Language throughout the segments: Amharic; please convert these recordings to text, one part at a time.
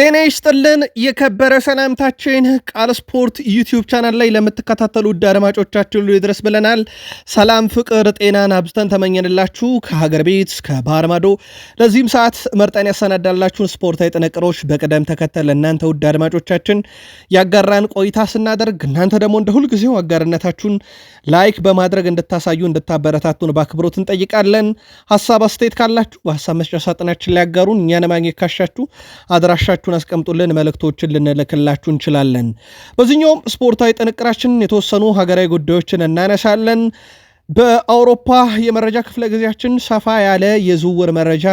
ጤና ይስጥልን የከበረ ሰላምታችን ቃል ስፖርት ዩቲዩብ ቻናል ላይ ለምትከታተሉ ውድ አድማጮቻችን ሁሉ ይድረስ ብለናል። ሰላም፣ ፍቅር፣ ጤናን አብዝተን ተመኘንላችሁ ከሀገር ቤት ከባህር ማዶ። ለዚህም ሰዓት መርጠን ያሰናዳላችሁን ስፖርታዊ ጥንቅሮች በቅደም ተከተል እናንተ ውድ አድማጮቻችን ያጋራን ቆይታ ስናደርግ እናንተ ደግሞ እንደ ሁልጊዜው አጋርነታችሁን ላይክ በማድረግ እንድታሳዩ እንድታበረታቱን በአክብሮት እንጠይቃለን። ሀሳብ አስተያየት ካላችሁ በሀሳብ መስጫ ሳጥናችን ሊያጋሩን እኛን ማግኘት ካሻችሁ አድራሻ ጥቆማዎቻችሁን አስቀምጡልን፣ መልእክቶችን ልንልክላችሁ እንችላለን። በዚህኛውም ስፖርታዊ ጥንቅራችን የተወሰኑ ሀገራዊ ጉዳዮችን እናነሳለን። በአውሮፓ የመረጃ ክፍለ ጊዜያችን ሰፋ ያለ የዝውውር መረጃ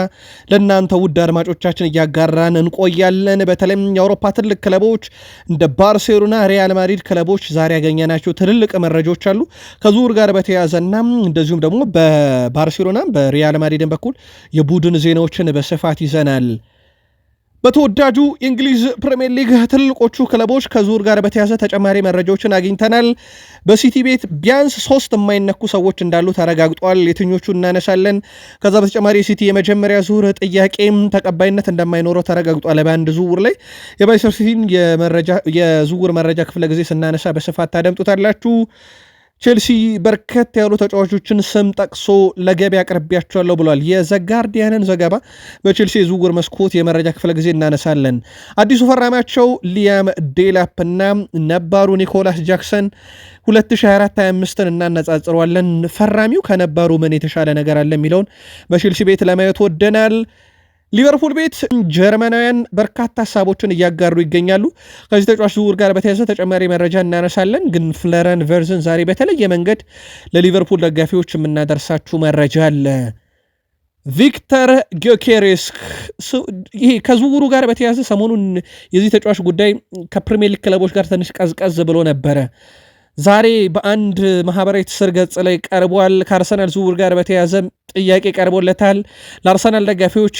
ለእናንተ ውድ አድማጮቻችን እያጋራን እንቆያለን። በተለይም የአውሮፓ ትልቅ ክለቦች እንደ ባርሴሎና፣ ሪያል ማድሪድ ክለቦች ዛሬ ያገኘናቸው ትልልቅ መረጃዎች አሉ። ከዝውውር ጋር በተያያዘና እንደዚሁም ደግሞ በባርሴሎና በሪያል ማድሪድን በኩል የቡድን ዜናዎችን በስፋት ይዘናል። በተወዳጁ የእንግሊዝ ፕሪምየር ሊግ ትልቆቹ ክለቦች ከዙር ጋር በተያዘ ተጨማሪ መረጃዎችን አግኝተናል። በሲቲ ቤት ቢያንስ ሶስት የማይነኩ ሰዎች እንዳሉ ተረጋግጧል። የትኞቹ እናነሳለን። ከዛ በተጨማሪ የሲቲ የመጀመሪያ ዙር ጥያቄም ተቀባይነት እንደማይኖረው ተረጋግጧል። በአንድ ዝውውር ላይ የባይሰር ሲቲን የዝውውር መረጃ ክፍለ ጊዜ ስናነሳ በስፋት ታደምጡታላችሁ። ቼልሲ በርከት ያሉ ተጫዋቾችን ስም ጠቅሶ ለገበያ አቅርቢያቸዋለሁ ብሏል። የዘጋርዲያንን ዘገባ በቼልሲ የዝውውር መስኮት የመረጃ ክፍለ ጊዜ እናነሳለን። አዲሱ ፈራሚያቸው ሊያም ዴላፕ እና ነባሩ ኒኮላስ ጃክሰን 2024/25ን እናነጻጽረዋለን። ፈራሚው ከነባሩ ምን የተሻለ ነገር አለ የሚለውን በቼልሲ ቤት ለማየት ወደናል። ሊቨርፑል ቤት ጀርመናውያን በርካታ ሀሳቦችን እያጋሩ ይገኛሉ። ከዚህ ተጫዋች ዝውውር ጋር በተያዘ ተጨማሪ መረጃ እናነሳለን። ግን ፍለረን ቨርዝን ዛሬ በተለየ መንገድ ለሊቨርፑል ደጋፊዎች የምናደርሳችሁ መረጃ አለ። ቪክተር ጊዮኬሬስ ይሄ ከዝውውሩ ጋር በተያዘ ሰሞኑን የዚህ ተጫዋች ጉዳይ ከፕሪሚየር ሊግ ክለቦች ጋር ትንሽ ቀዝቀዝ ብሎ ነበረ። ዛሬ በአንድ ማህበራዊ ትስስር ገጽ ላይ ቀርቧል። ከአርሰናል ዝውውር ጋር በተያዘ ጥያቄ ቀርቦለታል። ለአርሰናል ደጋፊዎች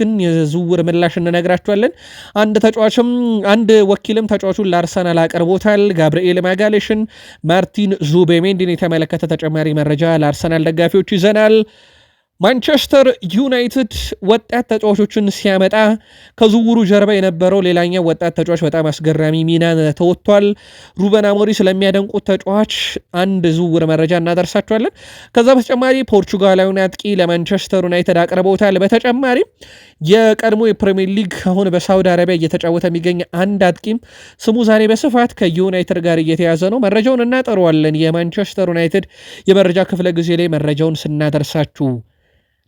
ግን የዝውውር ምላሽ እንነግራቸዋለን። አንድ ተጫዋችም አንድ ወኪልም ተጫዋቹን ለአርሰናል አቅርቦታል። ጋብርኤል ማጋሌሽን፣ ማርቲን ዙቤሜንዲን የተመለከተ ተጨማሪ መረጃ ለአርሰናል ደጋፊዎች ይዘናል። ማንቸስተር ዩናይትድ ወጣት ተጫዋቾችን ሲያመጣ ከዝውውሩ ጀርባ የነበረው ሌላኛው ወጣት ተጫዋች በጣም አስገራሚ ሚና ተወጥቷል። ሩበን አሞሪ ስለሚያደንቁት ተጫዋች አንድ ዝውውር መረጃ እናደርሳቸዋለን። ከዛ በተጨማሪ ፖርቹጋላዊን አጥቂ ለማንቸስተር ዩናይትድ አቅርበውታል። በተጨማሪም የቀድሞ የፕሪሚየር ሊግ አሁን በሳውዲ አረቢያ እየተጫወተ የሚገኝ አንድ አጥቂም ስሙ ዛሬ በስፋት ከዩናይትድ ጋር እየተያዘ ነው። መረጃውን እናጠረዋለን። የማንቸስተር ዩናይትድ የመረጃ ክፍለ ጊዜ ላይ መረጃውን ስናደርሳችሁ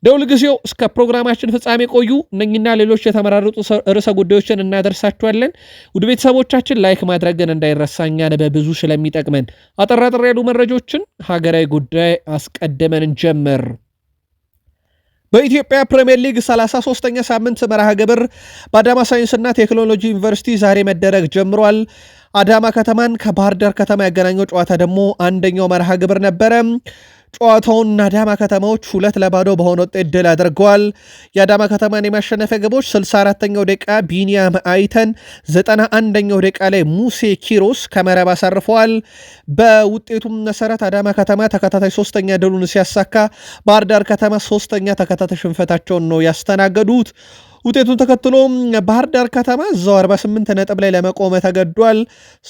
ደውል ጊዜው እስከ ፕሮግራማችን ፍጻሜ ቆዩ። እነኝና ሌሎች የተመራረጡ ርዕሰ ጉዳዮችን እናደርሳችኋለን። ውድ ቤተሰቦቻችን ላይክ ማድረግን እንዳይረሳ፣ በብዙ ስለሚጠቅመን። አጠራጠር ያሉ መረጃዎችን ሀገራዊ ጉዳይ አስቀድመን እንጀምር። በኢትዮጵያ ፕሪምየር ሊግ 33ኛ ሳምንት መርሃ ግብር በአዳማ ሳይንስና ቴክኖሎጂ ዩኒቨርሲቲ ዛሬ መደረግ ጀምሯል። አዳማ ከተማን ከባህር ዳር ከተማ ያገናኘው ጨዋታ ደግሞ አንደኛው መርሃ ግብር ነበረ። ጨዋታውን አዳማ ከተማዎች ሁለት ለባዶ በሆነ ውጤት ድል አድርገዋል። የአዳማ ከተማን የማሸነፈ ግቦች 64ኛው ደቂቃ ቢኒያም አይተን፣ 91ኛው ደቂቃ ላይ ሙሴ ኪሮስ ከመረብ አሳርፈዋል። በውጤቱም መሰረት አዳማ ከተማ ተከታታይ ሶስተኛ ድሉን ሲያሳካ፣ ባህር ዳር ከተማ ሶስተኛ ተከታታይ ሽንፈታቸውን ነው ያስተናገዱት። ውጤቱን ተከትሎ ባህር ዳር ከተማ እዛው 48 ነጥብ ላይ ለመቆመ ተገዷል።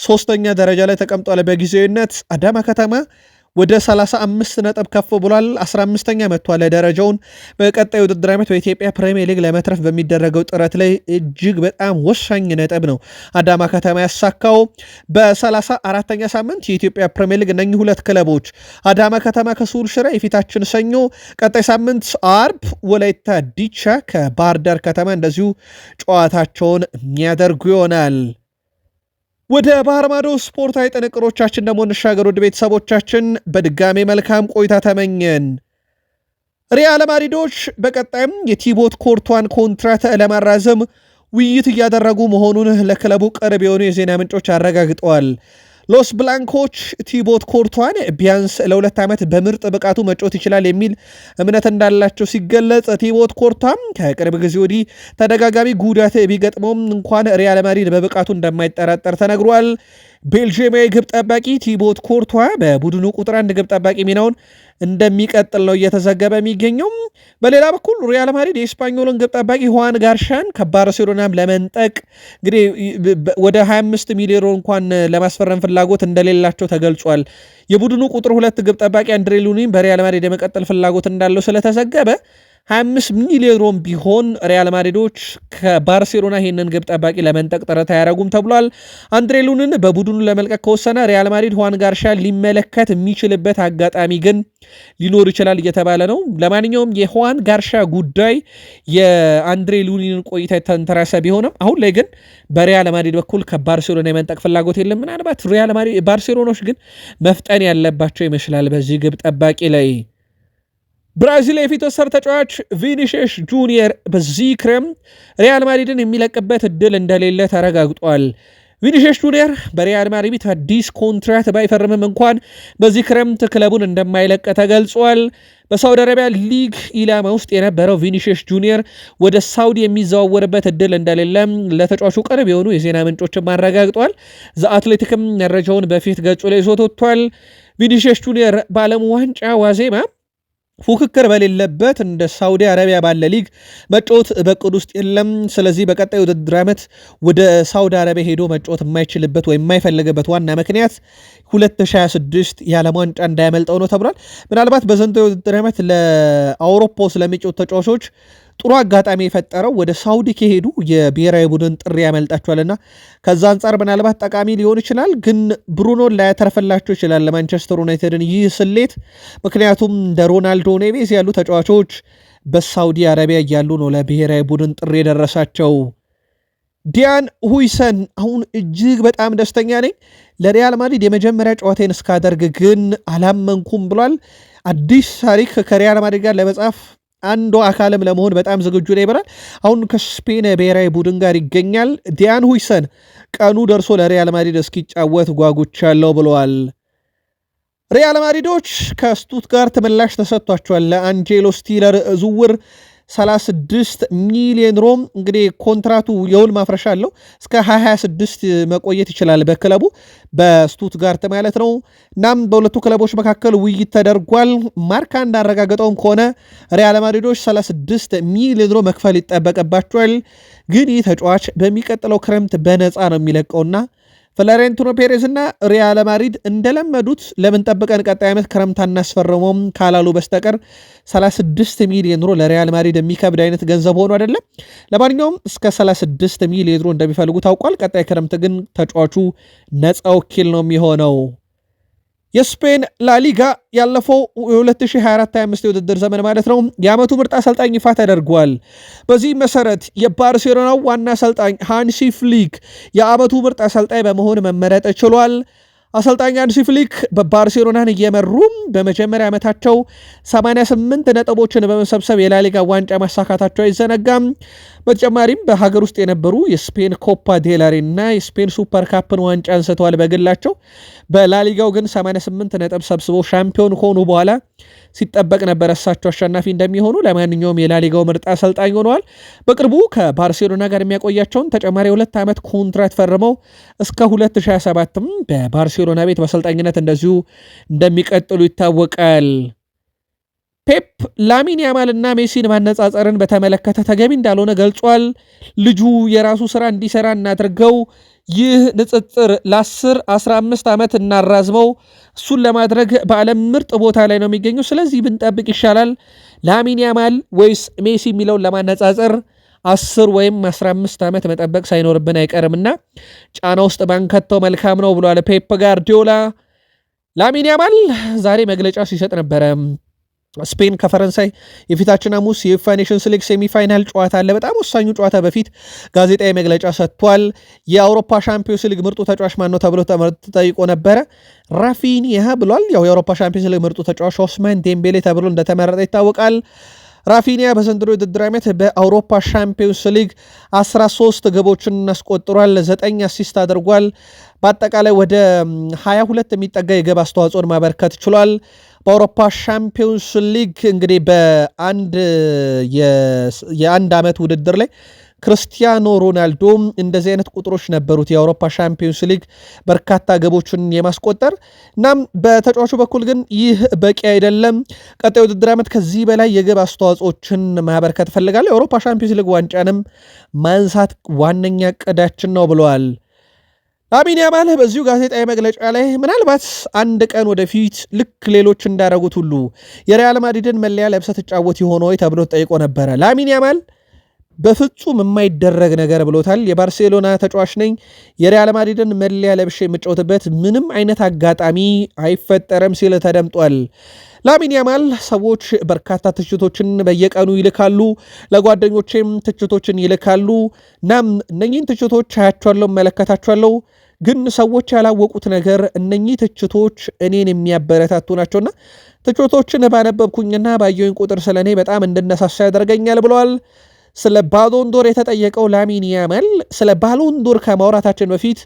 ሶስተኛ ደረጃ ላይ ተቀምጧል በጊዜያዊነት አዳማ ከተማ ወደ 35 ነጥብ ከፍ ብሏል። 15ኛ መጥቷል ደረጃውን። በቀጣይ ውድድር ዓመት በኢትዮጵያ ፕሪሚየር ሊግ ለመትረፍ በሚደረገው ጥረት ላይ እጅግ በጣም ወሳኝ ነጥብ ነው አዳማ ከተማ ያሳካው። በ34ኛ ሳምንት የኢትዮጵያ ፕሪሚየር ሊግ እነኚህ ሁለት ክለቦች አዳማ ከተማ ከሱል ሽረ የፊታችን ሰኞ፣ ቀጣይ ሳምንት አርብ ወላይታ ዲቻ ከባህር ዳር ከተማ እንደዚሁ ጨዋታቸውን የሚያደርጉ ይሆናል። ወደ ባህር ማዶ ስፖርታዊ ጥንቅሮቻችን ደግሞ እንሻገር። ውድ ቤተሰቦቻችን በድጋሜ መልካም ቆይታ ተመኘን። ሪያል ማድሪዶች በቀጣይም የቲቦት ኮርቷን ኮንትራት ለማራዘም ውይይት እያደረጉ መሆኑን ለክለቡ ቅርብ የሆኑ የዜና ምንጮች አረጋግጠዋል። ሎስ ብላንኮች ቲቦት ኮርቷን ቢያንስ ለሁለት ዓመት በምርጥ ብቃቱ መጫወት ይችላል የሚል እምነት እንዳላቸው ሲገለጽ፣ ቲቦት ኮርቷም ከቅርብ ጊዜ ወዲህ ተደጋጋሚ ጉዳት ቢገጥመውም እንኳን ሪያል ማድሪድ በብቃቱ እንደማይጠራጠር ተነግሯል። ቤልጅየማዊ ግብ ጠባቂ ቲቦት ኮርቷ በቡድኑ ቁጥር አንድ ግብ ጠባቂ ሚናውን እንደሚቀጥል ነው እየተዘገበ የሚገኘው። በሌላ በኩል ሪያል ማድሪድ የስፓኞልን ግብ ጠባቂ ሁዋን ጋርሻን ከባርሴሎናም ለመንጠቅ እንግዲህ ወደ 25 ሚሊዮን እንኳን ለማስፈረም ፍላጎት እንደሌላቸው ተገልጿል። የቡድኑ ቁጥር ሁለት ግብ ጠባቂ አንድሬ ሉኒም በሪያል ማድሪድ የመቀጠል ፍላጎት እንዳለው ስለተዘገበ 25 ሚሊዮን ቢሆን ሪያል ማድሪዶች ከባርሴሎና ይህንን ግብ ጠባቂ ለመንጠቅ ጥረት አያደረጉም ተብሏል። አንድሬ ሉንን በቡድኑ ለመልቀቅ ከወሰነ ሪያል ማድሪድ ሁዋን ጋርሻ ሊመለከት የሚችልበት አጋጣሚ ግን ሊኖር ይችላል እየተባለ ነው። ለማንኛውም የሁዋን ጋርሻ ጉዳይ የአንድሬ ሉኒን ቆይታ የተንተራሰ ቢሆንም አሁን ላይ ግን በሪያል ማድሪድ በኩል ከባርሴሎና የመንጠቅ ፍላጎት የለም። ምናልባት ሪያል ማድሪድ ባርሴሎናዎች ግን መፍጠን ያለባቸው ይመስላል በዚህ ግብ ጠባቂ ላይ ብራዚል የፊት ወሰር ተጫዋች ቪኒሽሽ ጁኒየር በዚህ ክረምት ሪያል ማድሪድን የሚለቅበት እድል እንደሌለ ተረጋግጧል። ቪኒሽሽ ጁኒየር በሪያል ማድሪድ አዲስ ኮንትራት ባይፈርምም እንኳን በዚህ ክረምት ክለቡን እንደማይለቅ ተገልጿል። በሳውዲ አረቢያ ሊግ ኢላማ ውስጥ የነበረው ቪኒሽሽ ጁኒየር ወደ ሳውዲ የሚዘዋወርበት እድል እንደሌለም ለተጫዋቹ ቅርብ የሆኑ የዜና ምንጮችም አረጋግጧል። ዘአትሌቲክም መረጃውን በፊት ገጹ ላይ ይዞት ወጥቷል። ቪኒሽሽ ጁኒየር በዓለም ዋንጫ ዋዜማ ፉክክር በሌለበት እንደ ሳውዲ አረቢያ ባለ ሊግ መጫወት በቅድ ውስጥ የለም። ስለዚህ በቀጣይ ውድድር ዓመት ወደ ሳውዲ አረቢያ ሄዶ መጫወት የማይችልበት ወይም የማይፈልግበት ዋና ምክንያት 2026 የዓለም ዋንጫ እንዳያመልጠው ነው ተብሏል። ምናልባት በዘንድሮው የውድድር ዓመት ለአውሮፓ ስለሚጫወት ተጫዋቾች ጥሩ አጋጣሚ የፈጠረው ወደ ሳውዲ ከሄዱ የብሔራዊ ቡድን ጥሪ ያመልጣቸዋልና ከዛ አንጻር ምናልባት ጠቃሚ ሊሆን ይችላል። ግን ብሩኖን ላያተረፈላቸው ይችላል ለማንቸስተር ዩናይትድን ይህ ስሌት። ምክንያቱም እንደ ሮናልዶ ኔቬዝ ያሉ ተጫዋቾች በሳውዲ አረቢያ እያሉ ነው ለብሔራዊ ቡድን ጥሪ የደረሳቸው። ዲያን ሁይሰን አሁን እጅግ በጣም ደስተኛ ነኝ፣ ለሪያል ማድሪድ የመጀመሪያ ጨዋታዬን እስካደርግ ግን አላመንኩም ብሏል። አዲስ ታሪክ ከሪያል ማድሪድ ጋር ለመጻፍ አንዱ አካልም ለመሆን በጣም ዝግጁ ነው ይበላል። አሁን ከስፔን ብሔራዊ ቡድን ጋር ይገኛል። ዲያን ሁይሰን ቀኑ ደርሶ ለሪያል ማድሪድ እስኪጫወት ጓጉቻለሁ ብለዋል። ሪያል ማድሪዶች ከስቱትጋርት ምላሽ ተሰጥቷቸዋል። ለአንጄሎ ስቲለር ዝውውር 36 ሚሊዮን ሮም እንግዲህ ኮንትራቱ የውል ማፍረሻ አለው። እስከ 26 መቆየት ይችላል በክለቡ በስቱትጋርት ማለት ነው። እናም በሁለቱ ክለቦች መካከል ውይይት ተደርጓል። ማርካ እንዳረጋገጠውም ከሆነ ሪያል ማድሪዶች 36 ሚሊዮን ሮም መክፈል ይጠበቅባቸዋል። ግን ይህ ተጫዋች በሚቀጥለው ክረምት በነፃ ነው የሚለቀውና ፍሎሬንቲኖ ፔሬዝ እና ሪያል ማድሪድ እንደለመዱት ለምን ጠብቀን ቀጣይ ዓመት ክረምት አናስፈረመውም ካላሉ በስተቀር 36 ሚሊዮን ዩሮ ለሪያል ማድሪድ የሚከብድ አይነት ገንዘብ ሆኖ አይደለም። ለማንኛውም እስከ 36 ሚሊዮን ዩሮ እንደሚፈልጉ ታውቋል። ቀጣይ ክረምት ግን ተጫዋቹ ነፃ ወኪል ነው የሚሆነው። የስፔን ላሊጋ ያለፈው የ2024/25 የውድድር ዘመን ማለት ነው የዓመቱ ምርጥ አሰልጣኝ ይፋ ተደርጓል። በዚህ መሰረት የባርሴሎናው ዋና አሰልጣኝ ሃንሲ ፍሊክ የዓመቱ ምርጥ አሰልጣኝ በመሆን መመረጥ ችሏል። አሰልጣኝ አንሲ ፍሊክ በባርሴሎናን እየመሩም በመጀመሪያ ዓመታቸው 88 ነጥቦችን በመሰብሰብ የላሊጋ ዋንጫ ማሳካታቸው አይዘነጋም። በተጨማሪም በሀገር ውስጥ የነበሩ የስፔን ኮፓ ዴላሬ እና የስፔን ሱፐር ካፕን ዋንጫ አንስተዋል በግላቸው። በላሊጋው ግን 88 ነጥብ ሰብስበው ሻምፒዮን ከሆኑ በኋላ ሲጠበቅ ነበር እሳቸው አሸናፊ እንደሚሆኑ። ለማንኛውም የላሊጋው ምርጥ አሰልጣኝ ሆነዋል። በቅርቡ ከባርሴሎና ጋር የሚያቆያቸውን ተጨማሪ ሁለት ዓመት ኮንትራት ፈርመው እስከ 2027ም በባርሴሎና ቤት በአሰልጣኝነት እንደዚሁ እንደሚቀጥሉ ይታወቃል። ፔፕ ላሚን ያማልና ሜሲን ማነጻጸርን በተመለከተ ተገቢ እንዳልሆነ ገልጿል። ልጁ የራሱ ስራ እንዲሰራ እናድርገው። ይህ ንጽጽር ለ10 15 ዓመት እናራዝመው እሱን ለማድረግ በዓለም ምርጥ ቦታ ላይ ነው የሚገኘው። ስለዚህ ብንጠብቅ ይሻላል ላሚን ያማል ወይስ ሜሲ የሚለውን ለማነጻጸር አስር ወይም 15 ዓመት መጠበቅ ሳይኖርብን አይቀርምና ጫና ውስጥ ባንከተው መልካም ነው ብሏል ፔፕ ጋርዲዮላ። ላሚን ያማል ዛሬ መግለጫ ሲሰጥ ነበረ። ስፔን ከፈረንሳይ የፊታችን ሐሙስ የዩፋ ኔሽንስ ሊግ ሴሚፋይናል ጨዋታ አለ። በጣም ወሳኙ ጨዋታ በፊት ጋዜጣዊ መግለጫ ሰጥቷል። የአውሮፓ ሻምፒዮንስ ሊግ ምርጡ ተጫዋች ማን ነው ተብሎ ተጠይቆ ነበረ። ራፊኒያ ብሏል። ያው የአውሮፓ ሻምፒዮንስ ሊግ ምርጡ ተጫዋች ኦስማን ዴምቤሌ ተብሎ እንደተመረጠ ይታወቃል። ራፊኒያ በዘንድሮ ውድድር ዓመት በአውሮፓ ሻምፒዮንስ ሊግ 13 ግቦችን አስቆጥሯል። 9 አሲስት አድርጓል። በአጠቃላይ ወደ 22 የሚጠጋ የግብ አስተዋጽኦን ማበርከት ችሏል። በአውሮፓ ሻምፒዮንስ ሊግ እንግዲህ በአንድ የአንድ ዓመት ውድድር ላይ ክርስቲያኖ ሮናልዶ እንደዚህ አይነት ቁጥሮች ነበሩት። የአውሮፓ ሻምፒዮንስ ሊግ በርካታ ግቦችን የማስቆጠር እናም በተጫዋቹ በኩል ግን ይህ በቂ አይደለም። ቀጣይ ውድድር ዓመት ከዚህ በላይ የግብ አስተዋጽኦችን ማበርከት እፈልጋለሁ። የአውሮፓ ሻምፒዮንስ ሊግ ዋንጫንም ማንሳት ዋነኛ ዕቅዳችን ነው ብለዋል ላሚን ያማል በዚሁ ጋዜጣዊ መግለጫ ላይ ምናልባት አንድ ቀን ወደፊት ልክ ሌሎች እንዳደረጉት ሁሉ የሪያል ማድሪድን መለያ ለብሰ ትጫወት የሆነ ወይ ተብሎ ጠይቆ ነበረ። ላሚን ያማል በፍጹም የማይደረግ ነገር ብሎታል። የባርሴሎና ተጫዋች ነኝ፣ የሪያል ማድሪድን መለያ ለብሼ የምጫወትበት ምንም አይነት አጋጣሚ አይፈጠረም ሲል ተደምጧል። ላሚን ያማል ሰዎች በርካታ ትችቶችን በየቀኑ ይልካሉ። ለጓደኞቼም ትችቶችን ይልካሉ። ናም እነኚህን ትችቶች አያቸዋለሁ፣ መለከታቸዋለሁ ግን ሰዎች ያላወቁት ነገር እነኚህ ትችቶች እኔን የሚያበረታቱ ናቸውና ትችቶችን ባነበብኩኝና ባየውኝ ቁጥር ስለ እኔ በጣም እንድነሳሳ ያደርገኛል ብለዋል። ስለ ባሎንዶር የተጠየቀው ላሚን ያማል ስለ ባሎንዶር ከማውራታችን በፊት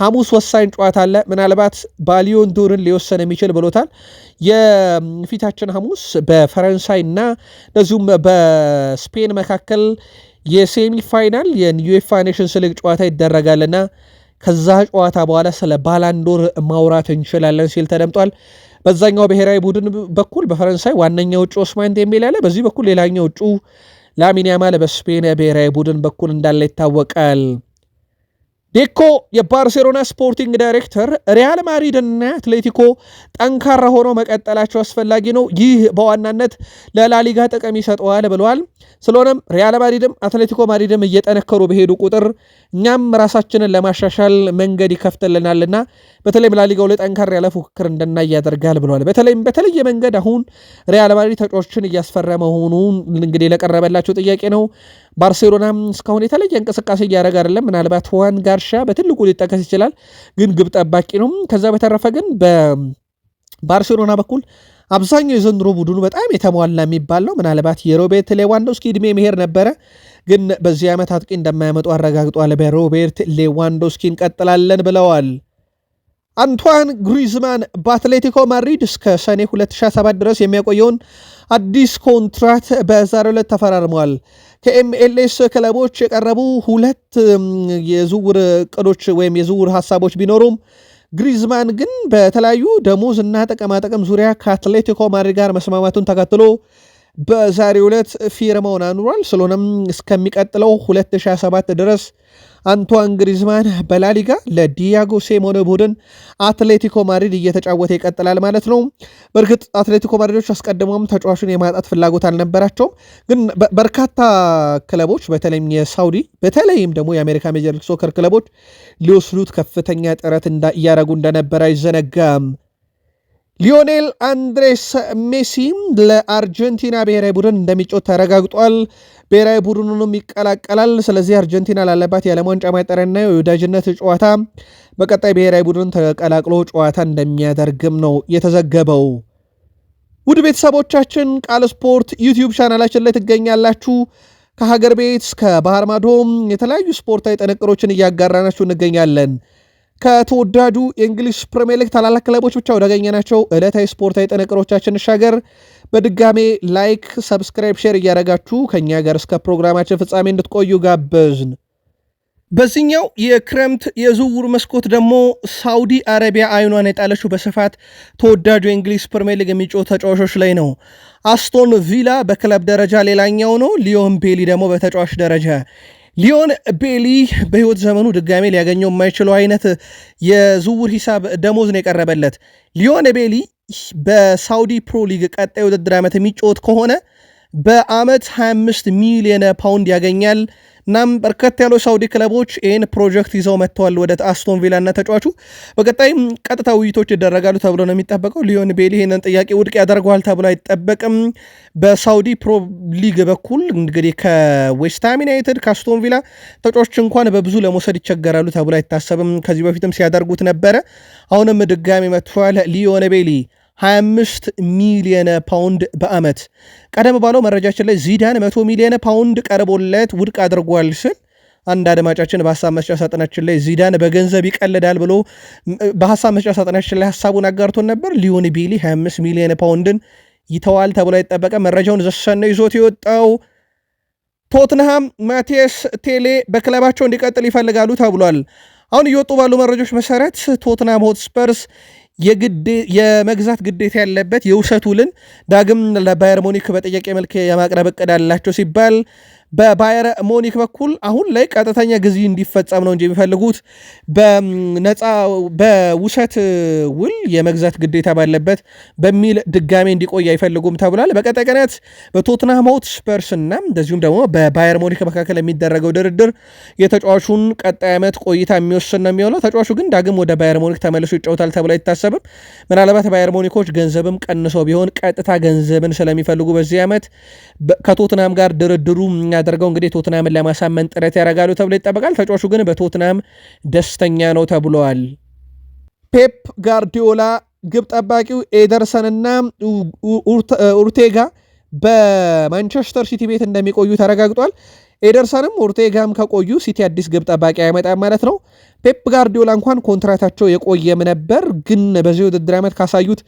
ሐሙስ ወሳኝ ጨዋታ አለ፣ ምናልባት ባሊዮንዶርን ሊወሰን የሚችል ብሎታል። የፊታችን ሐሙስ በፈረንሳይና እንደዚሁም በስፔን መካከል የሴሚ ፋይናል የዩኤፋ ኔሽንስ ሊግ ጨዋታ ይደረጋልና ከዛ ጨዋታ በኋላ ስለ ባላንዶር ማውራት እንችላለን ሲል ተደምጧል። በዛኛው ብሔራዊ ቡድን በኩል በፈረንሳይ ዋነኛ ውጭ ኦስማን ዴምቤሌ አለ። በዚህ በኩል ሌላኛው እጩ ላሚን ያማል በስፔን ብሔራዊ ቡድን በኩል እንዳለ ይታወቃል። ዴኮ የባርሴሎና ስፖርቲንግ ዳይሬክተር ሪያል ማድሪድ እና አትሌቲኮ ጠንካራ ሆኖ መቀጠላቸው አስፈላጊ ነው፣ ይህ በዋናነት ለላሊጋ ጥቅም ይሰጠዋል ብለዋል። ስለሆነም ሪያል ማድሪድም አትሌቲኮ ማድሪድም እየጠነከሩ በሄዱ ቁጥር እኛም ራሳችንን ለማሻሻል መንገድ ይከፍትልናልና በተለይም ላሊጋው ላይ ጠንከር ያለ ፉክክር እንድናይ ያደርጋል ብለዋል። በተለይም በተለየ መንገድ አሁን ሪያል ማድሪድ ተጫዋቾችን እያስፈረ መሆኑ እንግዲህ ለቀረበላቸው ጥያቄ ነው። ባርሴሎናም እስካሁን የተለየ እንቅስቃሴ እያደረገ አይደለም። ምናልባት ዋን ጋርሻ በትልቁ ሊጠቀስ ይችላል፣ ግን ግብ ጠባቂ ነው። ከዛ በተረፈ ግን በባርሴሎና በኩል አብዛኛው የዘንድሮ ቡድኑ በጣም የተሟላ የሚባል ነው። ምናልባት የሮቤርት ሌዋንዶስኪ እድሜ መሄድ ነበረ ግን በዚህ ዓመት አጥቂ እንደማያመጡ አረጋግጧል። በሮቤርት ሌዋንዶስኪ እንቀጥላለን ብለዋል። አንቷን ግሪዝማን በአትሌቲኮ ማድሪድ እስከ ሰኔ 207 ድረስ የሚያቆየውን አዲስ ኮንትራት በዛሬው ዕለት ተፈራርመዋል። ከኤምኤልኤስ ክለቦች የቀረቡ ሁለት የዝውውር እቅዶች ወይም የዝውውር ሀሳቦች ቢኖሩም ግሪዝማን ግን በተለያዩ ደሞዝ እና ጥቅማጥቅም ዙሪያ ከአትሌቲኮ ማድሪድ ጋር መስማማቱን ተከትሎ በዛሬው ዕለት ፊርማውን አኑሯል። ስለሆነም እስከሚቀጥለው 2007 ድረስ አንቷን ግሪዝማን በላሊጋ ለዲያጎ ሲሞኔ ቡድን አትሌቲኮ ማድሪድ እየተጫወተ ይቀጥላል ማለት ነው። በእርግጥ አትሌቲኮ ማድሪዶች አስቀድሞም ተጫዋቹን የማጣት ፍላጎት አልነበራቸውም። ግን በርካታ ክለቦች በተለይም የሳውዲ በተለይም ደግሞ የአሜሪካ ሜጀር ሶከር ክለቦች ሊወስዱት ከፍተኛ ጥረት እያደረጉ እንደነበረ አይዘነጋም። ሊዮኔል አንድሬስ ሜሲ ለአርጀንቲና ብሔራዊ ቡድን እንደሚጫወት ተረጋግጧል። ብሔራዊ ቡድኑንም ይቀላቀላል። ስለዚህ አርጀንቲና ላለባት የዓለም ዋንጫ ማጣሪያና የወዳጅነት ጨዋታ በቀጣይ ብሔራዊ ቡድን ተቀላቅሎ ጨዋታ እንደሚያደርግም ነው የተዘገበው። ውድ ቤተሰቦቻችን ቃል ስፖርት ዩቲዩብ ቻናላችን ላይ ትገኛላችሁ። ከሀገር ቤት እስከ ባህር ማዶም የተለያዩ ስፖርታዊ ጥንቅሮችን እያጋራናችሁ እንገኛለን። ከተወዳጁ የእንግሊዝ ፕሪምየር ሊግ ታላላቅ ክለቦች ብቻ ወዳገኘናቸው ዕለታዊ ስፖርታዊ ጥንቅሮቻችን እንሻገር። በድጋሜ ላይክ፣ ሰብስክራይብ፣ ሼር እያደረጋችሁ ከእኛ ጋር እስከ ፕሮግራማችን ፍጻሜ እንድትቆዩ ጋበዝን። በዚህኛው የክረምት የዝውውር መስኮት ደግሞ ሳውዲ አረቢያ አይኗን የጣለችው በስፋት ተወዳጁ የእንግሊዝ ፕሪምየር ሊግ የሚጮ ተጫዋቾች ላይ ነው። አስቶን ቪላ በክለብ ደረጃ ሌላኛው ነው። ሊዮን ቤሊ ደግሞ በተጫዋች ደረጃ ሊዮን ቤሊ በህይወት ዘመኑ ድጋሜ ሊያገኘው የማይችለው አይነት የዝውውር ሂሳብ ደሞዝ ነው የቀረበለት። ሊዮን ቤሊ በሳውዲ ፕሮ ሊግ ቀጣይ ውድድር ዓመት የሚጫወት ከሆነ በአመት 25 ሚሊዮን ፓውንድ ያገኛል። እናም በርከት ያሉ ሳውዲ ክለቦች ይህን ፕሮጀክት ይዘው መጥተዋል ወደ አስቶን ቪላና ተጫዋቹ በቀጣይም ቀጥታ ውይይቶች ይደረጋሉ ተብሎ ነው የሚጠበቀው። ሊዮን ቤሊ ይህንን ጥያቄ ውድቅ ያደርገዋል ተብሎ አይጠበቅም። በሳውዲ ፕሮ ሊግ በኩል እንግዲህ ከዌስትሃም ዩናይትድ ከአስቶን ቪላ ተጫዋች እንኳን በብዙ ለመውሰድ ይቸገራሉ ተብሎ አይታሰብም። ከዚህ በፊትም ሲያደርጉት ነበረ። አሁንም ድጋሚ መጥተዋል ሊዮን ቤሊ 25 ሚሊየን ፓውንድ በአመት። ቀደም ባለው መረጃችን ላይ ዚዳን 100 ሚሊዮን ፓውንድ ቀርቦለት ውድቅ አድርጓል ስል አንድ አድማጫችን በሀሳብ መስጫ ሳጥናችን ላይ ዚዳን በገንዘብ ይቀልዳል ብሎ በሀሳብ መስጫ ሳጥናችን ላይ ሀሳቡን አጋርቶን ነበር። ሊዮን ቤሊ 25 ሚሊዮን ፓውንድን ይተዋል ተብሎ አይጠበቀ። መረጃውን ዘሰነ ይዞት የወጣው ቶትንሃም ማቴስ ቴሌ በክለባቸው እንዲቀጥል ይፈልጋሉ ተብሏል። አሁን እየወጡ ባሉ መረጃዎች መሰረት ቶትንሃም ሆትስፐርስ የመግዛት ግዴታ ያለበት የውሰት ውልን ዳግም ለባየር ሙኒክ በጥያቄ መልክ የማቅረብ እቅድ አላቸው ሲባል በባየረ ሞኒክ በኩል አሁን ላይ ቀጥተኛ ግዢ እንዲፈጸም ነው እንጂ የሚፈልጉት በነፃ በውሰት ውል የመግዛት ግዴታ ባለበት በሚል ድጋሜ እንዲቆይ አይፈልጉም ተብሏል። በቀጣይ ቀናት በቶትናም ሆትስፐርስ እና እንደዚሁም ደግሞ በባየር ሞኒክ መካከል የሚደረገው ድርድር የተጫዋቹን ቀጣይ ዓመት ቆይታ የሚወስን ነው የሚሆነው። ተጫዋቹ ግን ዳግም ወደ ባየር ሞኒክ ተመልሶ ይጫወታል ተብሎ አይታሰብም። ምናልባት ባየር ሞኒኮች ገንዘብም ቀንሰው ቢሆን ቀጥታ ገንዘብን ስለሚፈልጉ በዚህ ዓመት ከቶትናም ጋር ድርድሩ የሚያደርገው እንግዲህ ቶትናምን ለማሳመን ጥረት ያደርጋሉ ተብሎ ይጠበቃል። ተጫዋቹ ግን በቶትናም ደስተኛ ነው ተብለዋል። ፔፕ ጋርዲዮላ ግብ ጠባቂው ኤደርሰንና ኡርቴጋ በማንቸስተር ሲቲ ቤት እንደሚቆዩ ተረጋግጧል። ኤደርሰንም ኦርቴጋም ከቆዩ ሲቲ አዲስ ግብ ጠባቂ አይመጣም ማለት ነው። ፔፕ ጋርዲዮላ እንኳን ኮንትራታቸው የቆየም ነበር፣ ግን በዚህ ውድድር ዓመት ካሳዩት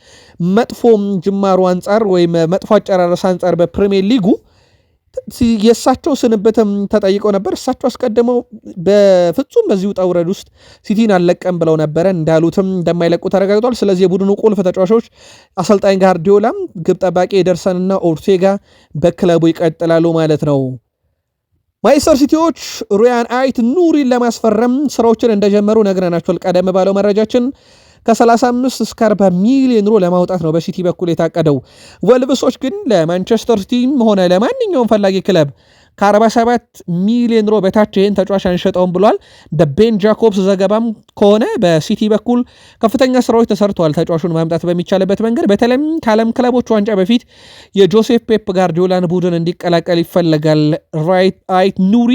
መጥፎ ጅማሩ አንጻር ወይም መጥፎ አጨራረስ አንጻር በፕሪሚየር ሊጉ የእሳቸው ስንብትም ተጠይቀው ነበር። እሳቸው አስቀድመው በፍጹም በዚህ ውጣ ውረድ ውስጥ ሲቲን አልለቀም ብለው ነበረ። እንዳሉትም እንደማይለቁ ተረጋግጧል። ስለዚህ የቡድኑ ቁልፍ ተጫዋቾች አሰልጣኝ ጋርዲዮላም፣ ግብ ጠባቂ ኤደርሰንና ኦርቴጋ በክለቡ ይቀጥላሉ ማለት ነው። ማይስተር ሲቲዎች ሩያን አይት ኑሪን ለማስፈረም ስራዎችን እንደጀመሩ ነግረናቸዋል ቀደም ባለው መረጃችን ከ35 እስከ 40 ሚሊዮን ዩሮ ለማውጣት ነው በሲቲ በኩል የታቀደው። ወልብሶች ግን ለማንቸስተር ሲቲም ሆነ ለማንኛውም ፈላጊ ክለብ ከ47 ሚሊዮን ሮ በታች ይህን ተጫዋች አንሸጠውም ብሏል። ቤን ጃኮብስ ዘገባም ከሆነ በሲቲ በኩል ከፍተኛ ስራዎች ተሰርተዋል ተጫዋቹን ማምጣት በሚቻልበት መንገድ። በተለይም ከዓለም ክለቦች ዋንጫ በፊት የጆሴፍ ፔፕ ጋርዲዮላን ቡድን እንዲቀላቀል ይፈለጋል። ራይት አይት ኑሪ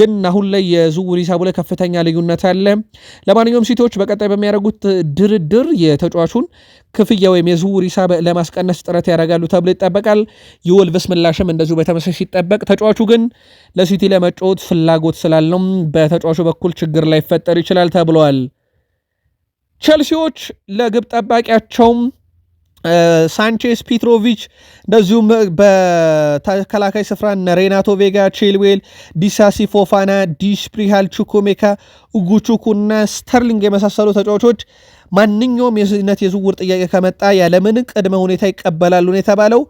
ግን አሁን ላይ የዝውውር ሂሳቡ ላይ ከፍተኛ ልዩነት አለ። ለማንኛውም ሲቲዎች በቀጣይ በሚያደርጉት ድርድር የተጫዋቹን ክፍያ ወይም የዝውውር ሂሳብ ለማስቀነስ ጥረት ያደርጋሉ ተብሎ ይጠበቃል። የወልቭስ ምላሽም እንደዚሁ በተመሳሳይ ሲጠበቅ ተጫዋቹ ግን ለሲቲ ለመጫወት ፍላጎት ስላለው በተጫዋቹ በኩል ችግር ላይ ይችላል ተብሏል። ቸልሲዎች ለግብ ጠባቂያቸውም ሳንቼስ ፒትሮቪች እንደዚሁም በተከላካይ ስፍራ እነ ሬናቶ ቬጋ፣ ቼልዌል፣ ዲሳሲ ፎፋና፣ ዲሽፕሪሃል፣ ቹኩሜካ፣ ኡጉቹኩ እና ስተርሊንግ የመሳሰሉ ተጫዋቾች ማንኛውም የነት የዝውውር ጥያቄ ከመጣ ያለምን ቅድመ ሁኔታ ይቀበላሉ የተባለው።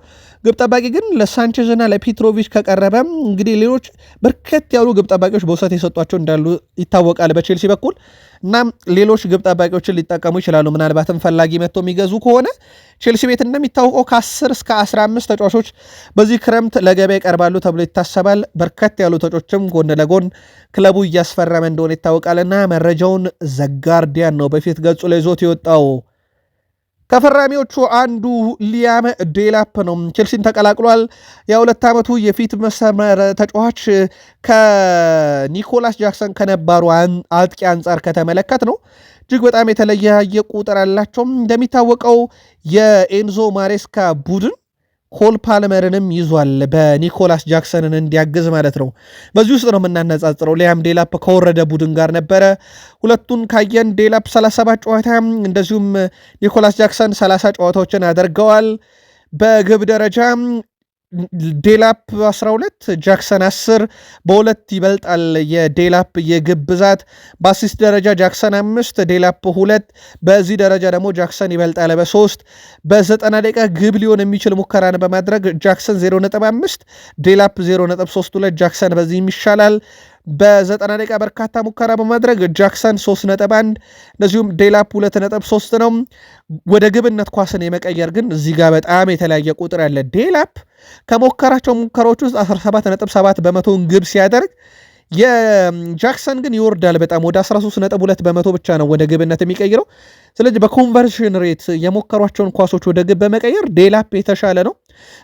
ግብ ጠባቂ ግን ለሳንቼዝ እና ለፔትሮቪች ከቀረበ እንግዲህ ሌሎች በርከት ያሉ ግብ ጠባቂዎች በውሰት የሰጧቸው እንዳሉ ይታወቃል በቼልሲ በኩል እና ሌሎች ግብ ጠባቂዎችን ሊጠቀሙ ይችላሉ። ምናልባትም ፈላጊ መጥቶ የሚገዙ ከሆነ ቼልሲ ቤት እንደሚታወቀው ከ10 እስከ 15 ተጫዋቾች በዚህ ክረምት ለገበያ ይቀርባሉ ተብሎ ይታሰባል። በርከት ያሉ ተጫዋቾችም ጎን ለጎን ክለቡ እያስፈረመ እንደሆነ ይታወቃልና መረጃውን ዘጋርዲያን ነው በፊት ገጹ ላይ ዞት የወጣው። ከፈራሚዎቹ አንዱ ሊያም ዴላፕ ነው። ቼልሲን ተቀላቅሏል። የሁለት ዓመቱ የፊት መስመር ተጫዋች ከኒኮላስ ጃክሰን ከነባሩ አጥቂ አንጻር ከተመለከት ነው እጅግ በጣም የተለያየ ቁጥር አላቸውም። እንደሚታወቀው የኤንዞ ማሬስካ ቡድን ሆል ፓልመርንም ይዟል በኒኮላስ ጃክሰንን እንዲያግዝ ማለት ነው። በዚህ ውስጥ ነው የምናነጻጽረው። ሊያም ዴላፕ ከወረደ ቡድን ጋር ነበረ። ሁለቱን ካየን ዴላፕ 37 ጨዋታ እንደዚሁም ኒኮላስ ጃክሰን 30 ጨዋታዎችን አድርገዋል። በግብ ደረጃ ዴላፕ 12 ጃክሰን 10 በሁለት ይበልጣል። የዴላፕ የግብ ብዛት በአሲስት ደረጃ ጃክሰን 5 ዴላፕ 2። በዚህ ደረጃ ደግሞ ጃክሰን ይበልጣል በ3 በ90 ደቂቃ ግብ ሊሆን የሚችል ሙከራን በማድረግ ጃክሰን 0.5 ዴላፕ 0.32 ጃክሰን በዚህም ይሻላል። በዘጠና ደቂቃ በርካታ ሙከራ በማድረግ ጃክሰን 3 ነጥብ 1 እንደዚሁም ዴላፕ 2 ነጥብ 3 ነው። ወደ ግብነት ኳስን የመቀየር ግን እዚህ ጋር በጣም የተለያየ ቁጥር ያለ ዴላፕ ከሞከራቸው ሙከራዎች ውስጥ 17 ነጥብ 7 በመቶውን ግብ ሲያደርግ የጃክሰን ግን ይወርዳል በጣም ወደ 13 ነጥብ 2 በመቶ ብቻ ነው ወደ ግብነት የሚቀይረው። ስለዚህ በኮንቨርሽን ሬት የሞከሯቸውን ኳሶች ወደ ግብ በመቀየር ዴላፕ የተሻለ ነው።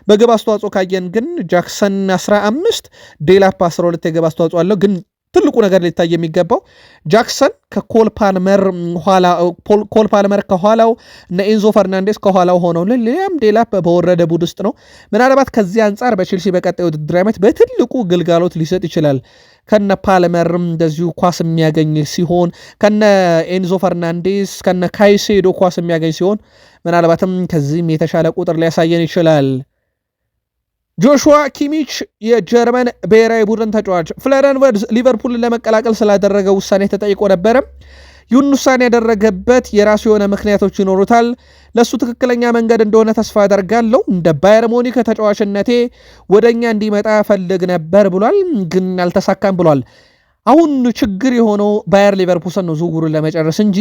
በግብ አስተዋጽኦ ካየን ግን ጃክሰን 15 ዴላፕ 12 የግብ አስተዋጽኦ አለው። ግን ትልቁ ነገር ሊታይ የሚገባው ጃክሰን ከኮል ፓልመር ከኋላው እነ ኤንዞ ፈርናንዴስ ከኋላው ሆነው ሌላም ዴላፕ በወረደ ቡድ ውስጥ ነው። ምናልባት ከዚህ አንጻር በቼልሲ በቀጣይ ውድድር ዓመት በትልቁ ግልጋሎት ሊሰጥ ይችላል። ከነ ፓልመርም እንደዚሁ ኳስ የሚያገኝ ሲሆን ከነ ኤንዞ ፈርናንዴስ ከነ ካይሴዶ ኳስ የሚያገኝ ሲሆን ምናልባትም ከዚህም የተሻለ ቁጥር ሊያሳየን ይችላል። ጆሹዋ ኪሚች የጀርመን ብሔራዊ ቡድን ተጫዋች ፍለረንቨርድ ሊቨርፑልን ለመቀላቀል ስላደረገ ውሳኔ ተጠይቆ ነበረ። ይሁን ውሳኔ ያደረገበት የራሱ የሆነ ምክንያቶች ይኖሩታል። ለእሱ ትክክለኛ መንገድ እንደሆነ ተስፋ አደርጋለሁ። እንደ ባየር ሙኒክ ከተጫዋችነቴ ወደኛ እንዲመጣ ፈልግ ነበር ብሏል፣ ግን አልተሳካም ብሏል። አሁን ችግር የሆነው ባየር ሊቨርፑልን ነው ዝውውሩን ለመጨረስ እንጂ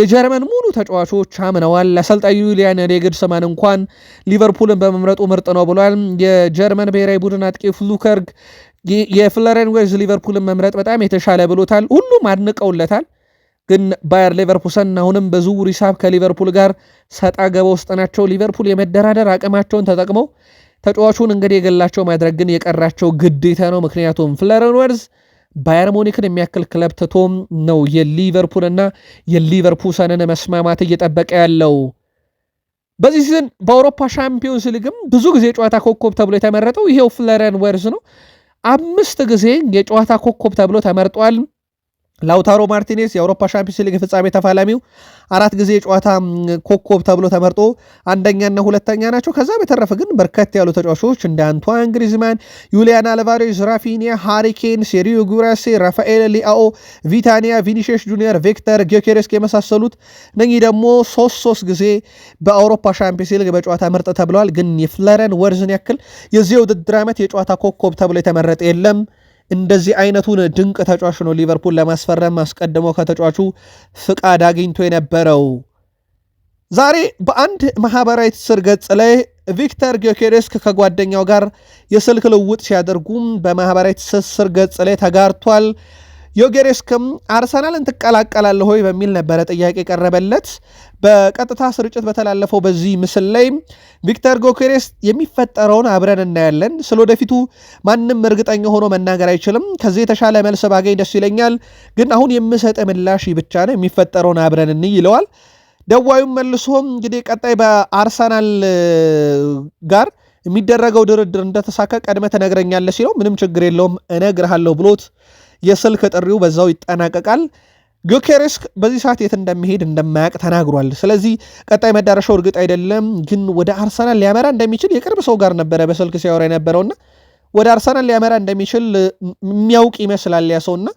የጀርመን ሙሉ ተጫዋቾች አምነዋል። አሰልጣኙ ዩሊያን ናግልስማን እንኳን ሊቨርፑልን በመምረጡ ምርጥ ነው ብሏል። የጀርመን ብሔራዊ ቡድን አጥቂ ፍሉከርግ የፍለረን ወይዝ ሊቨርፑልን መምረጥ በጣም የተሻለ ብሎታል። ሁሉም አድንቀውለታል። ግን ባየር ሌቨርኩሰን አሁንም በዝውውር ሂሳብ ከሊቨርፑል ጋር ሰጣ ገባ ውስጥ ናቸው። ሊቨርፑል የመደራደር አቅማቸውን ተጠቅመው ተጫዋቹን እንግዲህ የገላቸው ማድረግ ግን የቀራቸው ግዴታ ነው። ምክንያቱም ፍለረን ወርዝ ባየር ሙኒክን የሚያክል ክለብ ትቶም ነው የሊቨርፑልና የሊቨርኩሰንን መስማማት እየጠበቀ ያለው። በዚህ ሲዝን በአውሮፓ ሻምፒዮንስ ሊግም ብዙ ጊዜ የጨዋታ ኮከብ ተብሎ የተመረጠው ይሄው ፍለረን ወርዝ ነው። አምስት ጊዜ የጨዋታ ኮከብ ተብሎ ተመርጧል። ላውታሮ ማርቲኔስ የአውሮፓ ሻምፒዮንስ ሊግ ፍጻሜ ተፋላሚው አራት ጊዜ የጨዋታ ኮከብ ተብሎ ተመርጦ አንደኛና ሁለተኛ ናቸው። ከዛ በተረፈ ግን በርከት ያሉ ተጫዋቾች እንደ አንቷን ግሪዝማን፣ ዩሊያን አልቫሬዝ፣ ራፊኒያ፣ ሃሪኬን፣ ሴሪዮ ጉራሴ፣ ራፋኤል ሊአኦ፣ ቪታኒያ፣ ቪኒሽስ ጁኒየር፣ ቬክተር ጊዮኬሬስክ የመሳሰሉት እነኚህ ደግሞ ሶስት ሶስት ጊዜ በአውሮፓ ሻምፒዮንስ ሊግ በጨዋታ ምርጥ ተብለዋል። ግን የፍለረን ወርዝን ያክል የዚህ ውድድር ዓመት የጨዋታ ኮከብ ተብሎ የተመረጠ የለም። እንደዚህ አይነቱን ድንቅ ተጫዋች ነው ሊቨርፑል ለማስፈረም አስቀድሞ ከተጫዋቹ ፍቃድ አግኝቶ የነበረው። ዛሬ በአንድ ማህበራዊ ትስስር ገጽ ላይ ቪክተር ጊዮኬሬስክ ከጓደኛው ጋር የስልክ ልውጥ ሲያደርጉም በማህበራዊ ትስስር ገጽ ላይ ተጋርቷል። ዮጌሬስክም አርሰናልን ትቀላቀላለህ ወይ በሚል ነበረ ጥያቄ ቀረበለት። በቀጥታ ስርጭት በተላለፈው በዚህ ምስል ላይ ቪክተር ጎኬሬስ የሚፈጠረውን አብረን እናያለን። ስለ ወደፊቱ ማንም እርግጠኛ ሆኖ መናገር አይችልም። ከዚህ የተሻለ መልስ ባገኝ ደስ ይለኛል፣ ግን አሁን የምሰጥ ምላሽ ብቻ ነው። የሚፈጠረውን አብረን እንይ ይለዋል። ደዋዩም መልሶም እንግዲህ ቀጣይ በአርሰናል ጋር የሚደረገው ድርድር እንደተሳካ ቀድመ ተነግረኛለህ ሲለው ምንም ችግር የለውም እነግርሃለሁ ብሎት የስልክ ጥሪው በዛው ይጠናቀቃል። ጊዮኬሬስክ በዚህ ሰዓት የት እንደሚሄድ እንደማያውቅ ተናግሯል። ስለዚህ ቀጣይ መዳረሻው እርግጥ አይደለም፣ ግን ወደ አርሰናል ሊያመራ እንደሚችል የቅርብ ሰው ጋር ነበረ በስልክ ሲያወራ የነበረውና ወደ አርሰናል ሊያመራ እንደሚችል የሚያውቅ ይመስላል ያ ሰውና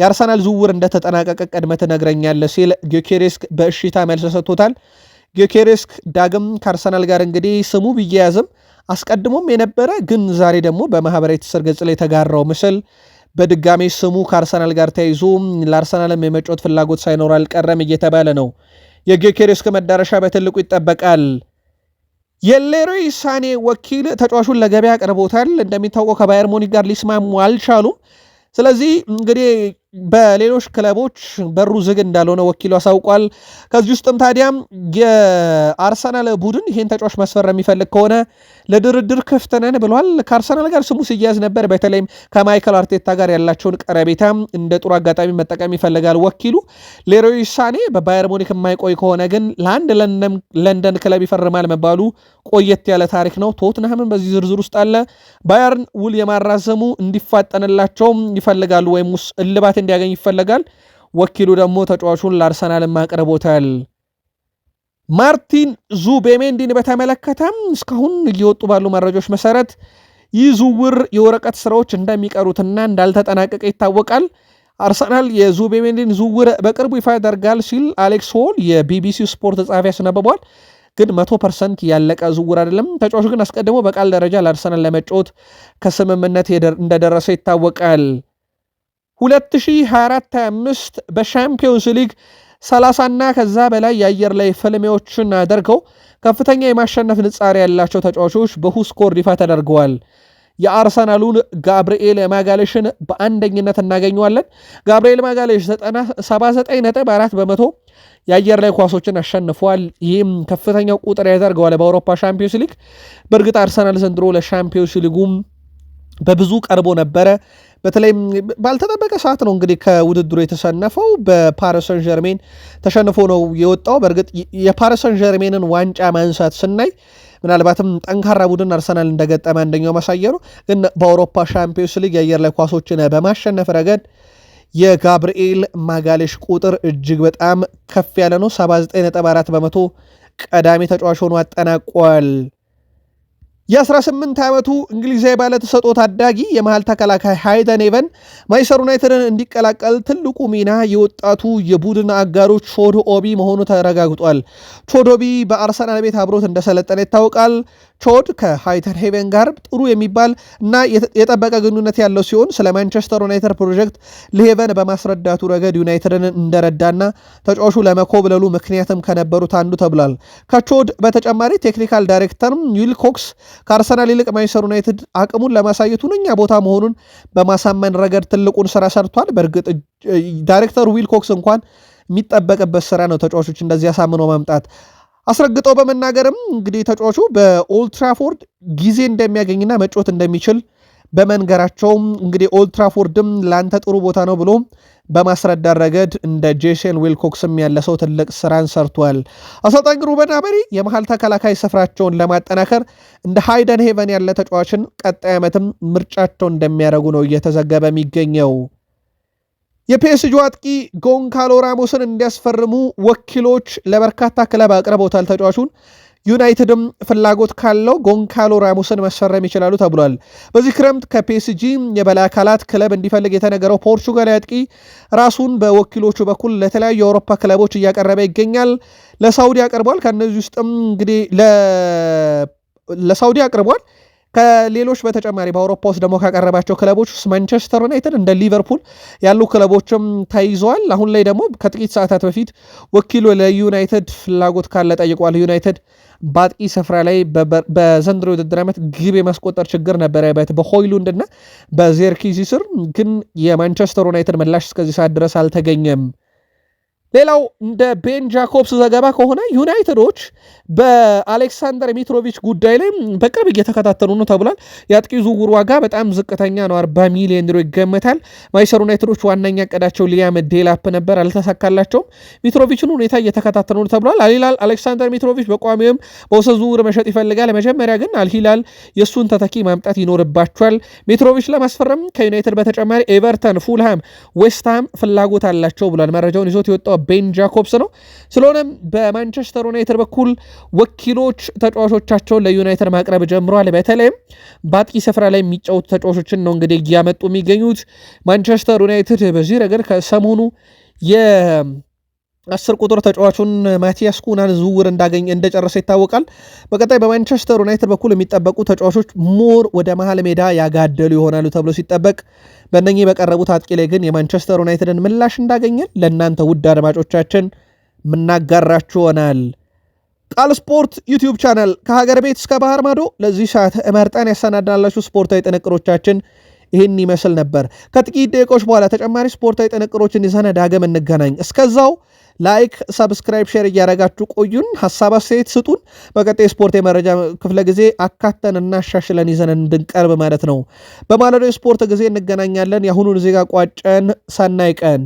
የአርሰናል ዝውውር እንደተጠናቀቀ ቀድመ ትነግረኛለህ ሲል ጊዮኬሬስክ በእሽታ መልስ ሰጥቶታል። ጊዮኬሬስክ ዳግም ከአርሰናል ጋር እንግዲህ ስሙ ብያያዝም አስቀድሞም የነበረ ግን ዛሬ ደግሞ በማህበራዊ ትስስር ገጽ ላይ የተጋራው ምስል በድጋሜ ስሙ ከአርሰናል ጋር ተያይዞ ለአርሰናልም የመጮት ፍላጎት ሳይኖር አልቀረም እየተባለ ነው። የጌኬሬስክ መዳረሻ በትልቁ ይጠበቃል። የሌሮይ ሳኔ ወኪል ተጫዋቹን ለገበያ አቅርቦታል። እንደሚታወቀው ከባየር ሞኒክ ጋር ሊስማሙ አልቻሉም። ስለዚህ እንግዲህ በሌሎች ክለቦች በሩ ዝግ እንዳልሆነ ወኪሉ አሳውቋል። ከዚህ ውስጥም ታዲያም የአርሰናል ቡድን ይህን ተጫዋች መስፈር የሚፈልግ ከሆነ ለድርድር ክፍት ነን ብሏል። ከአርሰናል ጋር ስሙ ሲያያዝ ነበር። በተለይም ከማይከል አርቴታ ጋር ያላቸውን ቀረቤታ እንደ ጥሩ አጋጣሚ መጠቀም ይፈልጋል ወኪሉ። ሌሮይ ሳኔ በባየር ሙኒክ የማይቆይ ከሆነ ግን ለአንድ ለንደን ክለብ ይፈርማል መባሉ ቆየት ያለ ታሪክ ነው። ቶትንሃምን በዚህ ዝርዝር ውስጥ አለ። ባየርን ውል የማራዘሙ እንዲፋጠንላቸውም ይፈልጋሉ ወይም እልባት እንዲያገኝ ይፈለጋል። ወኪሉ ደግሞ ተጫዋቹን ለአርሰናል አቅርቦታል። ማርቲን ዙቤሜንዲን በተመለከተም እስካሁን እየወጡ ባሉ መረጃዎች መሰረት ይህ ዝውውር የወረቀት ስራዎች እንደሚቀሩትና እንዳልተጠናቀቀ ይታወቃል። አርሰናል የዙቤሜንዲን ዝውውር በቅርቡ ይፋ ያደርጋል ሲል አሌክስ ሆል የቢቢሲ ስፖርት ጸሐፊ ያስነብቧል። ግን መቶ ፐርሰንት ያለቀ ዝውውር አይደለም። ተጫዋቹ ግን አስቀድሞ በቃል ደረጃ ለአርሰናል ለመጫወት ከስምምነት እንደደረሰ ይታወቃል። 2024 25 በሻምፒዮንስ ሊግ 30ና ከዛ በላይ የአየር ላይ ፍልሚዎችን አደርገው ከፍተኛ የማሸነፍ ንጻሪ ያላቸው ተጫዋቾች በሁስኮር ይፋ ተደርገዋል። የአርሰናሉን ጋብርኤል ማጋሌሽን በአንደኝነት እናገኘዋለን። ጋብርኤል ማጋሌሽ 79.4 በመቶ የአየር ላይ ኳሶችን አሸንፏል። ይህም ከፍተኛው ቁጥር ያደርገዋል በአውሮፓ ሻምፒዮንስ ሊግ። በእርግጥ አርሰናል ዘንድሮ ለሻምፒዮንስ ሊጉም በብዙ ቀርቦ ነበረ። በተለይም ባልተጠበቀ ሰዓት ነው እንግዲህ ከውድድሩ የተሸነፈው በፓሪሰን ጀርሜን ተሸንፎ ነው የወጣው። በእርግጥ የፓሪሰን ጀርሜንን ዋንጫ ማንሳት ስናይ ምናልባትም ጠንካራ ቡድን አርሰናል እንደገጠመ አንደኛው ማሳያ ነው። ግን በአውሮፓ ሻምፒዮንስ ሊግ የአየር ላይ ኳሶችን በማሸነፍ ረገድ የጋብርኤል ማጋሌሽ ቁጥር እጅግ በጣም ከፍ ያለ ነው። 79.4 በመቶ ቀዳሚ ተጫዋች ሆኖ አጠናቋል። የ18 ዓመቱ እንግሊዛዊ ባለተሰጦ ታዳጊ የመሃል ተከላካይ ሃይደን ኤቨን ማንቸስተር ዩናይትድን እንዲቀላቀል ትልቁ ሚና የወጣቱ የቡድን አጋሩ ቾዶ ኦቢ መሆኑ ተረጋግጧል። ቾዶ ኦቢ በአርሰናል ቤት አብሮት እንደሰለጠነ ይታወቃል። ቾድ ከሃይተር ሄቨን ጋር ጥሩ የሚባል እና የጠበቀ ግንኙነት ያለው ሲሆን ስለ ማንቸስተር ዩናይትድ ፕሮጀክት ለሄቨን በማስረዳቱ ረገድ ዩናይትድን እንደረዳና ተጫዋቹ ለመኮብለሉ ምክንያትም ከነበሩት አንዱ ተብሏል። ከቾድ በተጨማሪ ቴክኒካል ዳይሬክተር ዊል ኮክስ ከአርሰናል ይልቅ ማንቸስተር ዩናይትድ አቅሙን ለማሳየት ሁነኛ ቦታ መሆኑን በማሳመን ረገድ ትልቁን ስራ ሰርቷል። በእርግጥ ዳይሬክተሩ ዊል ኮክስ እንኳን የሚጠበቅበት ስራ ነው። ተጫዋቾች እንደዚህ አሳምኖ ማምጣት አስረግጠው በመናገርም እንግዲህ ተጫዋቹ በኦልትራፎርድ ጊዜ እንደሚያገኝና መጫወት እንደሚችል በመንገራቸው እንግዲህ ኦልትራፎርድም ለአንተ ጥሩ ቦታ ነው ብሎ በማስረዳት ረገድ እንደ ጄሰን ዊልኮክስም ያለ ሰው ትልቅ ስራን ሰርቷል። አሰልጣኝ ሩበን አበሪ የመሀል ተከላካይ ስፍራቸውን ለማጠናከር እንደ ሃይደን ሄቨን ያለ ተጫዋችን ቀጣይ ዓመትም ምርጫቸው እንደሚያደርጉ ነው እየተዘገበ የሚገኘው። የፒኤስጂ አጥቂ ጎንካሎ ራሞስን እንዲያስፈርሙ ወኪሎች ለበርካታ ክለብ አቅርቦታል። ተጫዋቹን ዩናይትድም ፍላጎት ካለው ጎንካሎ ራሞስን ማስፈረም ይችላሉ ተብሏል። በዚህ ክረምት ከፒኤስጂ የበላይ አካላት ክለብ እንዲፈልግ የተነገረው ፖርቹጋላዊ አጥቂ ራሱን በወኪሎቹ በኩል ለተለያዩ የአውሮፓ ክለቦች እያቀረበ ይገኛል። ለሳውዲ አቅርቧል። ከእነዚህ ውስጥም እንግዲህ ለሳውዲ አቅርቧል። ከሌሎች በተጨማሪ በአውሮፓ ውስጥ ደግሞ ካቀረባቸው ክለቦች ውስጥ ማንቸስተር ዩናይትድ እንደ ሊቨርፑል ያሉ ክለቦችም ተይዘዋል። አሁን ላይ ደግሞ ከጥቂት ሰዓታት በፊት ወኪሉ ለዩናይትድ ፍላጎት ካለ ጠይቋል። ዩናይትድ በአጥቂ ስፍራ ላይ በዘንድሮ የውድድር ዓመት ግብ የማስቆጠር ችግር ነበረ በሆይሉንድና በዜርኪዚ ስር ግን የማንቸስተር ዩናይትድ ምላሽ እስከዚህ ሰዓት ድረስ አልተገኘም። ሌላው እንደ ቤን ጃኮብስ ዘገባ ከሆነ ዩናይትዶች በአሌክሳንደር ሚትሮቪች ጉዳይ ላይ በቅርብ እየተከታተሉ ነው ተብሏል። የአጥቂ ዝውውር ዋጋ በጣም ዝቅተኛ ነው፣ 40 ሚሊዮን ዩሮ ይገመታል። ማንቸስተር ዩናይትዶች ዋነኛ ዕቅዳቸው ሊያም ዴላፕ ነበር፣ አልተሳካላቸውም። ሚትሮቪችን ሁኔታ እየተከታተሉ ነው ተብሏል። አልሂላል አሌክሳንደር ሚትሮቪች በቋሚም በውሰት ዝውውር መሸጥ ይፈልጋል። መጀመሪያ ግን አልሂላል የእሱን ተተኪ ማምጣት ይኖርባቸዋል። ሚትሮቪች ለማስፈረም ከዩናይትድ በተጨማሪ ኤቨርተን፣ ፉልሃም፣ ዌስትሃም ፍላጎት አላቸው ብሏል። መረጃውን ይዞት የወጣው ቤን ጃኮብስ ነው። ስለሆነም በማንቸስተር ዩናይትድ በኩል ወኪሎች ተጫዋቾቻቸውን ለዩናይትድ ማቅረብ ጀምረዋል። በተለይም በአጥቂ ስፍራ ላይ የሚጫወቱ ተጫዋቾችን ነው እንግዲህ እያመጡ የሚገኙት ማንቸስተር ዩናይትድ በዚህ ረገድ ከሰሞኑ አስር ቁጥር ተጫዋቹን ማቲያስ ኩናን ዝውውር እንዳገኘ እንደጨረሰ ይታወቃል። በቀጣይ በማንቸስተር ዩናይትድ በኩል የሚጠበቁ ተጫዋቾች ሞር ወደ መሀል ሜዳ ያጋደሉ ይሆናሉ ተብሎ ሲጠበቅ፣ በእነኚህ በቀረቡት አጥቂ ላይ ግን የማንቸስተር ዩናይትድን ምላሽ እንዳገኘን ለእናንተ ውድ አድማጮቻችን ምናጋራችሁ ይሆናል። ቃል ስፖርት ዩቲዩብ ቻናል ከሀገር ቤት እስከ ባህር ማዶ ለዚህ ሰዓት መርጠን ያሰናዳላችሁ ስፖርታዊ ጥንቅሮቻችን ይህን ይመስል ነበር። ከጥቂት ደቂቃዎች በኋላ ተጨማሪ ስፖርታዊ ጥንቅሮችን ይዘን ዳግም እንገናኝ። እስከዛው ላይክ፣ ሰብስክራይብ፣ ሼር እያደረጋችሁ ቆዩን። ሀሳብ አስተያየት ስጡን። በቀጣይ ስፖርት የመረጃ ክፍለ ጊዜ አካተን እናሻሽለን ይዘን እንድንቀርብ ማለት ነው። በማለዶ የስፖርት ጊዜ እንገናኛለን። የአሁኑን ዜጋ ቋጨን። ሰናይ ቀን